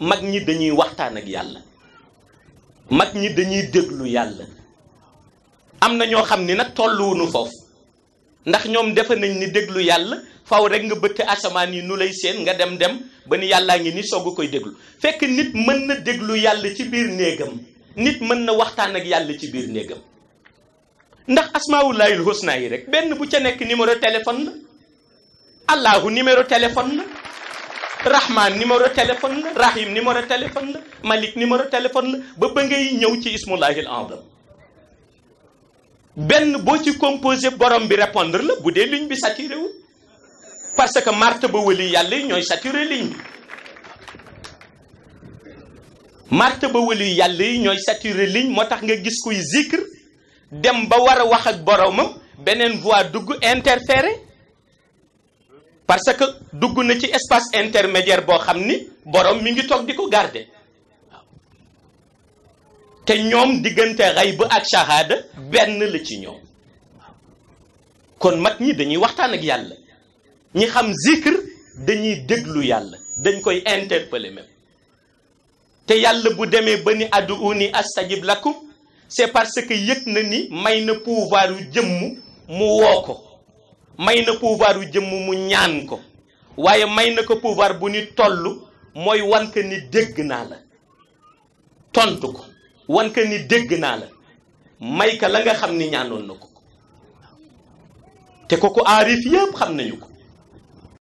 mag ñi dañuy waxtaan ak yàlla mag ñi dañuy déglu yàlla am na ñoo xam ni nag tolluwunu foofu ndax ñoom defe nañ ni déglu yàlla faw rek nga bëtt asamaan yi nu lay seen nga dem dem ba ni yàllaa ngi ni soog koy déglu fekk nit mën na déglu yàlla ci biir néegam nit mën na waxtaan ak yàlla ci biir néegam ndax asmaawullaahil husna yi rek benn bu ca nekk numéro téléphone la allahu numéro téléphone la rahman numéro téléphone la rahim numéro téléphone la malik numéro téléphone la ba ba ngay ñëw ci ismullahil azam benn boo ci composé borom bi répondre la bu dee ligne bi saturé parce que martaba ba wali yàlla yi ñooy saturé ligne bi martaba ba wali yàlla moo tax nga gis kuy zikr dem ba war a wax ak boromam beneen voix dugg interféré parce que dugg na ci espace intermédiaire boo xam ni borom mi ngi toog di ko garder te ñoom diggante xayb ak shahada benn la ci ñoom kon mag ñi dañuy waxtaan ak yàlla ñi xam zikr dañuy déglu yàlla dañ koy interpeller même te yàlla bu demee ba ni addu uni astajib lakum c'est parce que yëg na ni may na pouvoir yu jëmm mu woo ko may na pouvoir yu jëmm mu ñaan ko waaye may na ko pouvoir bu ni toll mooy wan ka ni dégg naa la tontu ko wan ka ni dégg naa la may ka la nga xam ni ñaanoon na ko te ko ko aarif yëpp xam nañu ko